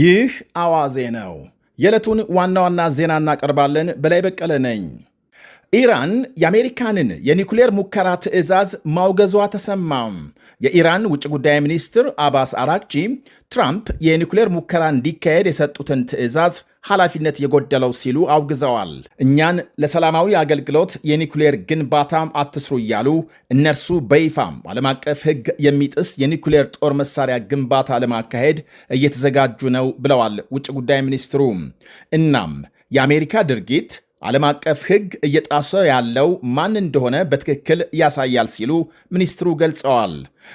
ይህ አዋዜ ነው። የዕለቱን ዋና ዋና ዜና እናቀርባለን። በላይ በቀለ ነኝ። ኢራን የአሜሪካንን የኒኩሌር ሙከራ ትዕዛዝ ማውገዟ ተሰማም። የኢራን ውጭ ጉዳይ ሚኒስትር አባስ አራክቺ ትራምፕ የኒኩሌር ሙከራ እንዲካሄድ የሰጡትን ትዕዛዝ ኃላፊነት የጎደለው ሲሉ አውግዘዋል። እኛን ለሰላማዊ አገልግሎት የኒኩሌር ግንባታም አትስሩ እያሉ እነርሱ በይፋም ዓለም አቀፍ ሕግ የሚጥስ የኒኩሌር ጦር መሳሪያ ግንባታ ለማካሄድ እየተዘጋጁ ነው ብለዋል ውጭ ጉዳይ ሚኒስትሩ። እናም የአሜሪካ ድርጊት ዓለም አቀፍ ሕግ እየጣሰ ያለው ማን እንደሆነ በትክክል ያሳያል ሲሉ ሚኒስትሩ ገልጸዋል።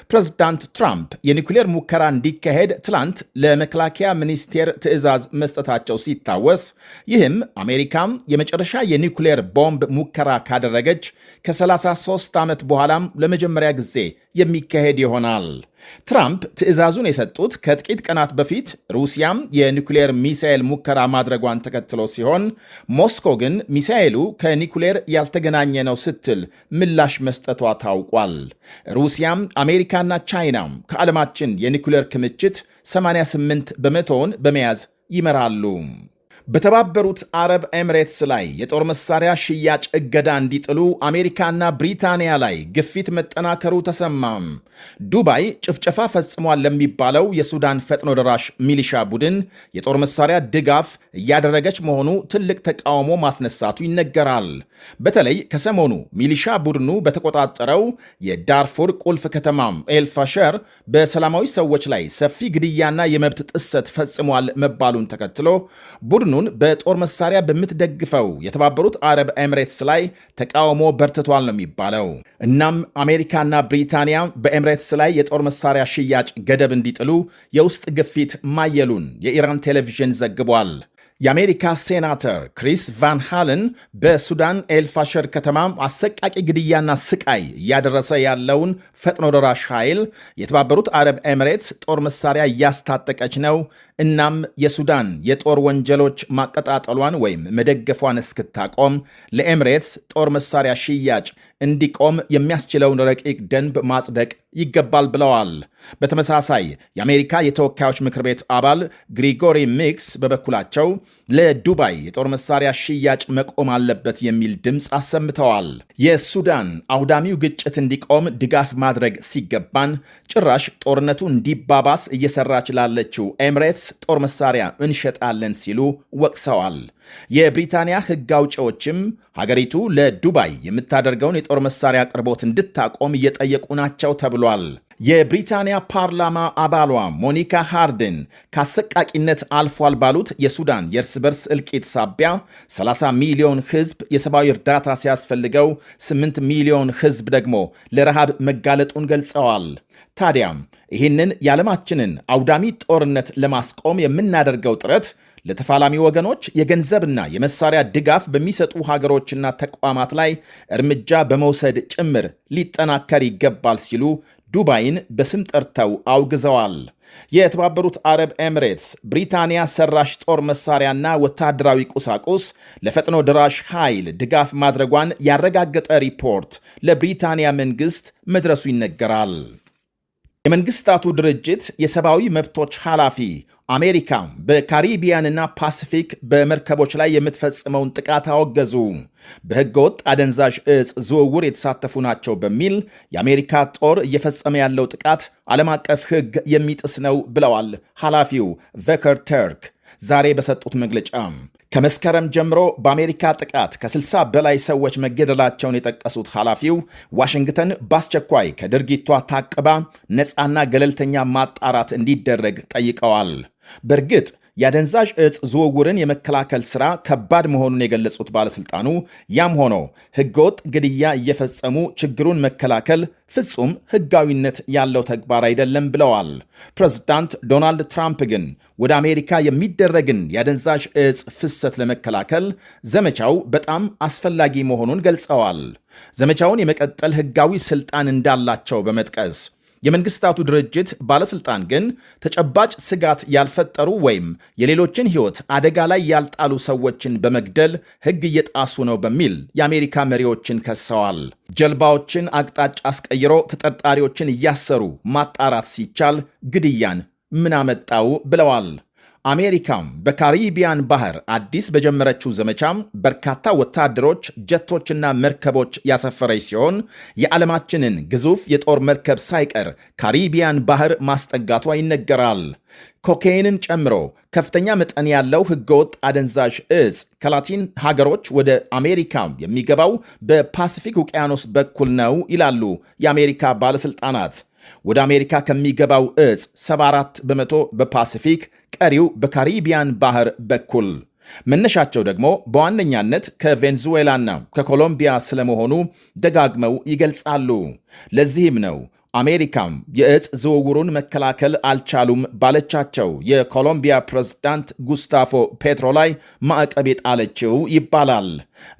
ፕሬዝዳንት ትራምፕ የኒኩሌር ሙከራ እንዲካሄድ ትላንት ለመከላከያ ሚኒስቴር ትዕዛዝ መስጠታቸው ሲታወስ ይህም አሜሪካም የመጨረሻ የኒኩሌር ቦምብ ሙከራ ካደረገች ከ33 ዓመት በኋላም ለመጀመሪያ ጊዜ የሚካሄድ ይሆናል። ትራምፕ ትዕዛዙን የሰጡት ከጥቂት ቀናት በፊት ሩሲያም የኒኩሌር ሚሳኤል ሙከራ ማድረጓን ተከትሎ ሲሆን ሞስኮ ግን ሚሳኤሉ ከኒኩሌር ያልተገናኘ ነው ስትል ምላሽ መስጠቷ ታውቋል። ሩሲያም አሜሪ አሜሪካና ቻይና ከዓለማችን የኒኩሌር ክምችት 88 በመቶውን በመያዝ ይመራሉ። በተባበሩት አረብ ኤምሬትስ ላይ የጦር መሳሪያ ሽያጭ እገዳ እንዲጥሉ አሜሪካና ብሪታንያ ላይ ግፊት መጠናከሩ ተሰማም። ዱባይ ጭፍጨፋ ፈጽሟል ለሚባለው የሱዳን ፈጥኖ ደራሽ ሚሊሻ ቡድን የጦር መሳሪያ ድጋፍ እያደረገች መሆኑ ትልቅ ተቃውሞ ማስነሳቱ ይነገራል። በተለይ ከሰሞኑ ሚሊሻ ቡድኑ በተቆጣጠረው የዳርፉር ቁልፍ ከተማም ኤልፋሸር በሰላማዊ ሰዎች ላይ ሰፊ ግድያና የመብት ጥሰት ፈጽሟል መባሉን ተከትሎ ቡድኑ ቡድኑን በጦር መሳሪያ በምትደግፈው የተባበሩት አረብ ኤምሬትስ ላይ ተቃውሞ በርትቷል ነው የሚባለው። እናም አሜሪካና ብሪታንያ በኤምሬትስ ላይ የጦር መሳሪያ ሽያጭ ገደብ እንዲጥሉ የውስጥ ግፊት ማየሉን የኢራን ቴሌቪዥን ዘግቧል። የአሜሪካ ሴናተር ክሪስ ቫን ሃልን በሱዳን ኤልፋሸር ከተማ አሰቃቂ ግድያና ስቃይ እያደረሰ ያለውን ፈጥኖ ደራሽ ኃይል የተባበሩት አረብ ኤምሬትስ ጦር መሳሪያ እያስታጠቀች ነው እናም የሱዳን የጦር ወንጀሎች ማቀጣጠሏን ወይም መደገፏን እስክታቆም ለኤምሬትስ ጦር መሳሪያ ሽያጭ እንዲቆም የሚያስችለውን ረቂቅ ደንብ ማጽደቅ ይገባል ብለዋል። በተመሳሳይ የአሜሪካ የተወካዮች ምክር ቤት አባል ግሪጎሪ ሚክስ በበኩላቸው ለዱባይ የጦር መሳሪያ ሽያጭ መቆም አለበት የሚል ድምፅ አሰምተዋል። የሱዳን አውዳሚው ግጭት እንዲቆም ድጋፍ ማድረግ ሲገባን ጭራሽ ጦርነቱ እንዲባባስ እየሰራች ላለችው ኤምሬትስ ጦር መሳሪያ እንሸጣለን ሲሉ ወቅሰዋል። የብሪታንያ ሕግ አውጪዎችም ሀገሪቱ ለዱባይ የምታደርገውን የጦር መሳሪያ አቅርቦት እንድታቆም እየጠየቁ ናቸው ተብሏል። የብሪታንያ ፓርላማ አባሏ ሞኒካ ሃርድን ከአሰቃቂነት አልፏል ባሉት የሱዳን የእርስ በርስ እልቂት ሳቢያ 30 ሚሊዮን ሕዝብ የሰብአዊ እርዳታ ሲያስፈልገው 8 ሚሊዮን ሕዝብ ደግሞ ለረሃብ መጋለጡን ገልጸዋል። ታዲያም ይህንን የዓለማችንን አውዳሚ ጦርነት ለማስቆም የምናደርገው ጥረት ለተፋላሚ ወገኖች የገንዘብና የመሳሪያ ድጋፍ በሚሰጡ ሀገሮችና ተቋማት ላይ እርምጃ በመውሰድ ጭምር ሊጠናከር ይገባል ሲሉ ዱባይን በስም ጠርተው አውግዘዋል። የተባበሩት አረብ ኤምሬትስ ብሪታንያ ሰራሽ ጦር መሳሪያና ወታደራዊ ቁሳቁስ ለፈጥኖ ደራሽ ኃይል ድጋፍ ማድረጓን ያረጋገጠ ሪፖርት ለብሪታንያ መንግሥት መድረሱ ይነገራል። የመንግስታቱ ድርጅት የሰብአዊ መብቶች ኃላፊ አሜሪካ በካሪቢያንና ፓሲፊክ በመርከቦች ላይ የምትፈጽመውን ጥቃት አወገዙ። ወጥ አደንዛዥ እጽ ዝውውር የተሳተፉ ናቸው በሚል የአሜሪካ ጦር እየፈጸመ ያለው ጥቃት ዓለም አቀፍ ሕግ የሚጥስ ነው ብለዋል ኃላፊው ቬከር ተርክ ዛሬ በሰጡት መግለጫ ከመስከረም ጀምሮ በአሜሪካ ጥቃት ከ60 በላይ ሰዎች መገደላቸውን የጠቀሱት ኃላፊው ዋሽንግተን በአስቸኳይ ከድርጊቷ ታቅባ ነፃና ገለልተኛ ማጣራት እንዲደረግ ጠይቀዋል። በእርግጥ የአደንዛዥ እጽ ዝውውርን የመከላከል ስራ ከባድ መሆኑን የገለጹት ባለሥልጣኑ፣ ያም ሆኖ ህገወጥ ግድያ እየፈጸሙ ችግሩን መከላከል ፍጹም ህጋዊነት ያለው ተግባር አይደለም ብለዋል። ፕሬዝዳንት ዶናልድ ትራምፕ ግን ወደ አሜሪካ የሚደረግን የአደንዛዥ እጽ ፍሰት ለመከላከል ዘመቻው በጣም አስፈላጊ መሆኑን ገልጸዋል። ዘመቻውን የመቀጠል ህጋዊ ስልጣን እንዳላቸው በመጥቀስ የመንግስታቱ ድርጅት ባለስልጣን ግን ተጨባጭ ስጋት ያልፈጠሩ ወይም የሌሎችን ሕይወት አደጋ ላይ ያልጣሉ ሰዎችን በመግደል ሕግ እየጣሱ ነው በሚል የአሜሪካ መሪዎችን ከሰዋል። ጀልባዎችን አቅጣጫ አስቀይሮ ተጠርጣሪዎችን እያሰሩ ማጣራት ሲቻል ግድያን ምን አመጣው ብለዋል። አሜሪካም በካሪቢያን ባህር አዲስ በጀመረችው ዘመቻም በርካታ ወታደሮች፣ ጀቶችና መርከቦች ያሰፈረች ሲሆን የዓለማችንን ግዙፍ የጦር መርከብ ሳይቀር ካሪቢያን ባህር ማስጠጋቷ ይነገራል። ኮካይንን ጨምሮ ከፍተኛ መጠን ያለው ህገወጥ አደንዛዥ እጽ ከላቲን ሀገሮች ወደ አሜሪካ የሚገባው በፓሲፊክ ውቅያኖስ በኩል ነው ይላሉ የአሜሪካ ባለሥልጣናት። ወደ አሜሪካ ከሚገባው እጽ 74 በመቶ በፓሲፊክ፣ ቀሪው በካሪቢያን ባህር በኩል መነሻቸው ደግሞ በዋነኛነት ከቬንዙዌላና ከኮሎምቢያ ስለመሆኑ ደጋግመው ይገልጻሉ። ለዚህም ነው አሜሪካም የእጽ ዝውውሩን መከላከል አልቻሉም ባለቻቸው የኮሎምቢያ ፕሬዝዳንት ጉስታፎ ፔትሮ ላይ ማዕቀብ የጣለችው ይባላል።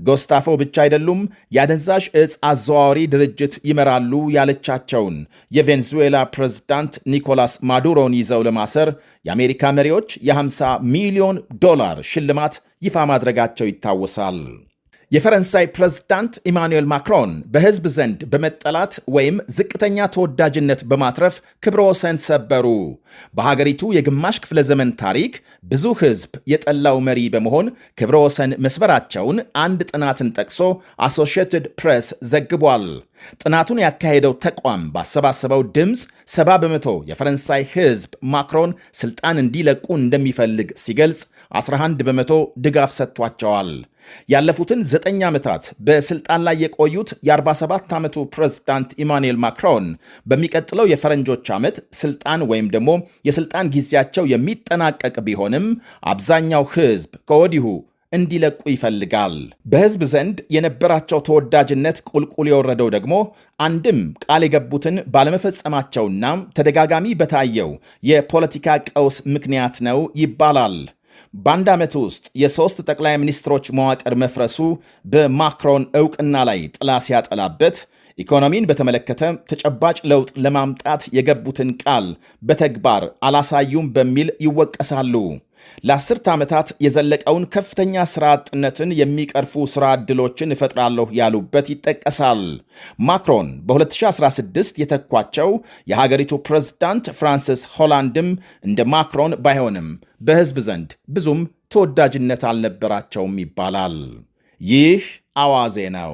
ጉስታፎ ብቻ አይደሉም የአደንዛዥ እጽ አዘዋዋሪ ድርጅት ይመራሉ ያለቻቸውን የቬንዙዌላ ፕሬዝዳንት ኒኮላስ ማዱሮን ይዘው ለማሰር የአሜሪካ መሪዎች የ50 ሚሊዮን ዶላር ሽልማት ይፋ ማድረጋቸው ይታወሳል። የፈረንሳይ ፕሬዝዳንት ኢማኑኤል ማክሮን በህዝብ ዘንድ በመጠላት ወይም ዝቅተኛ ተወዳጅነት በማትረፍ ክብረ ወሰን ሰበሩ። በሀገሪቱ የግማሽ ክፍለ ዘመን ታሪክ ብዙ ህዝብ የጠላው መሪ በመሆን ክብረ ወሰን መስበራቸውን አንድ ጥናትን ጠቅሶ አሶሺየትድ ፕሬስ ዘግቧል። ጥናቱን ያካሄደው ተቋም ባሰባሰበው ድምፅ ሰባ በመቶ የፈረንሳይ ህዝብ ማክሮን ስልጣን እንዲለቁ እንደሚፈልግ ሲገልጽ 11 በመቶ ድጋፍ ሰጥቷቸዋል። ያለፉትን ዘጠኝ ዓመታት በስልጣን ላይ የቆዩት የ47 ዓመቱ ፕሬዝዳንት ኢማኑኤል ማክሮን በሚቀጥለው የፈረንጆች ዓመት ስልጣን ወይም ደግሞ የስልጣን ጊዜያቸው የሚጠናቀቅ ቢሆንም አብዛኛው ህዝብ ከወዲሁ እንዲለቁ ይፈልጋል። በህዝብ ዘንድ የነበራቸው ተወዳጅነት ቁልቁል የወረደው ደግሞ አንድም ቃል የገቡትን ባለመፈጸማቸውና ተደጋጋሚ በታየው የፖለቲካ ቀውስ ምክንያት ነው ይባላል። በአንድ ዓመት ውስጥ የሦስት ጠቅላይ ሚኒስትሮች መዋቅር መፍረሱ በማክሮን ዕውቅና ላይ ጥላ ሲያጠላበት ኢኮኖሚን በተመለከተ ተጨባጭ ለውጥ ለማምጣት የገቡትን ቃል በተግባር አላሳዩም በሚል ይወቀሳሉ። ለአስርት ዓመታት የዘለቀውን ከፍተኛ ሥራ አጥነትን የሚቀርፉ ስራ ዕድሎችን እፈጥራለሁ ያሉበት ይጠቀሳል። ማክሮን በ2016 የተኳቸው የሀገሪቱ ፕሬዝዳንት ፍራንሲስ ሆላንድም እንደ ማክሮን ባይሆንም በሕዝብ ዘንድ ብዙም ተወዳጅነት አልነበራቸውም ይባላል። ይህ አዋዜ ነው።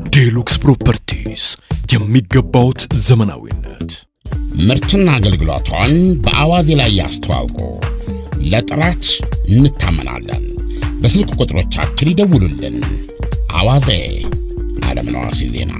ዴሉክስ ፕሮፐርቲስ የሚገባውት ዘመናዊነት ምርትና አገልግሎቷን በአዋዜ ላይ ያስተዋውቁ። ለጥራች እንታመናለን። በስልክ ቁጥሮቻችን ይደውሉልን። አዋዜ ዓለምነህ ዋሴ ዜና